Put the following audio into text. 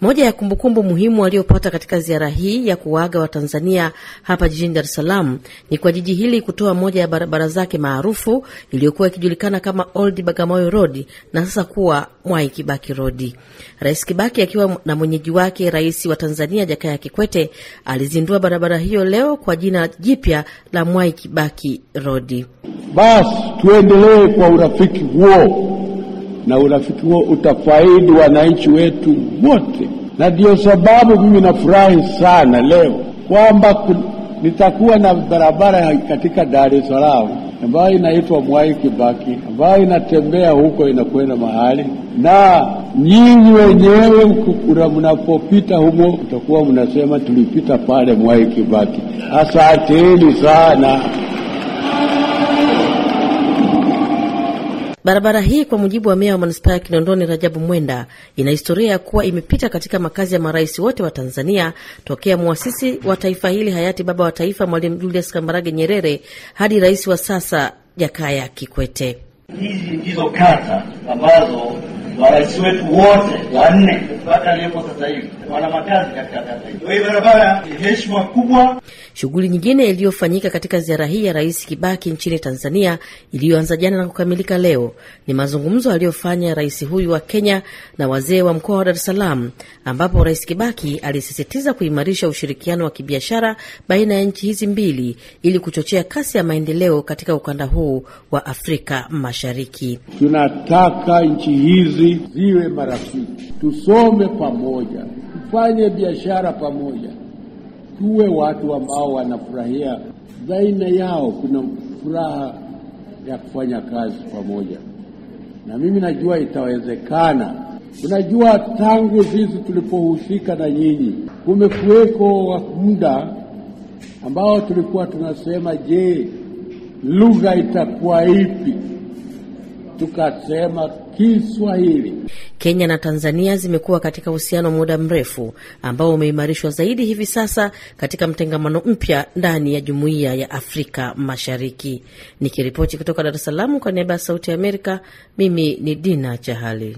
Moja ya kumbukumbu muhimu waliopata katika ziara hii ya kuwaaga Watanzania hapa jijini Dar es Salaam ni kwa jiji hili kutoa moja ya barabara zake maarufu iliyokuwa ikijulikana kama Old Bagamoyo Road na sasa kuwa Mwai Kibaki Road. Rais Kibaki akiwa na mwenyeji wake Rais wa Tanzania Jakaya Kikwete alizindua barabara hiyo leo kwa jina jipya la Mwai Kibaki Road. Basi tuendelee kwa urafiki huo na urafiki huo utafaidi wananchi wetu wote, na ndio sababu mimi nafurahi sana leo kwamba nitakuwa na barabara katika Dar es Salaam ambayo inaitwa Mwai Kibaki ambayo inatembea huko inakwenda mahali, na nyinyi wenyewe mnapopita humo mtakuwa mnasema tulipita pale Mwai Kibaki. Asanteni sana. Barabara hii kwa mujibu wa meya wa manispaa ya Kinondoni Rajabu Mwenda ina historia ya kuwa imepita katika makazi ya marais wote wa Tanzania tokea mwasisi wa taifa hili hayati baba wa taifa Mwalimu Julius Kambarage Nyerere hadi rais wa sasa Jakaya Kikwete. Hizi ndizo kata ambazo marais wetu wote wanne mpaka aliyepo sasa hivi wana makazi katika kata hii. Kwa hiyo barabara ni heshima kubwa. Shughuli nyingine iliyofanyika katika ziara hii ya Rais Kibaki nchini Tanzania iliyoanza jana na kukamilika leo ni mazungumzo aliyofanya rais huyu wa Kenya na wazee wa mkoa wa Dar es Salaam, ambapo Rais Kibaki alisisitiza kuimarisha ushirikiano wa kibiashara baina ya nchi hizi mbili ili kuchochea kasi ya maendeleo katika ukanda huu wa Afrika Mashariki. Tunataka nchi hizi ili ziwe marafiki, tusome pamoja, tufanye biashara pamoja, tuwe watu ambao wanafurahia baina yao, kuna furaha ya kufanya kazi pamoja, na mimi najua itawezekana. Unajua, tangu sisi tulipohusika na nyinyi, kumekuweko wa muda ambao tulikuwa tunasema, je, lugha itakuwa ipi? tukasema Kiswahili. Kenya na Tanzania zimekuwa katika uhusiano muda mrefu ambao umeimarishwa zaidi hivi sasa katika mtengamano mpya ndani ya jumuiya ya Afrika Mashariki. Nikiripoti kutoka Dar es Salaam kwa niaba ya Sauti ya Amerika, mimi ni Dina Chahali.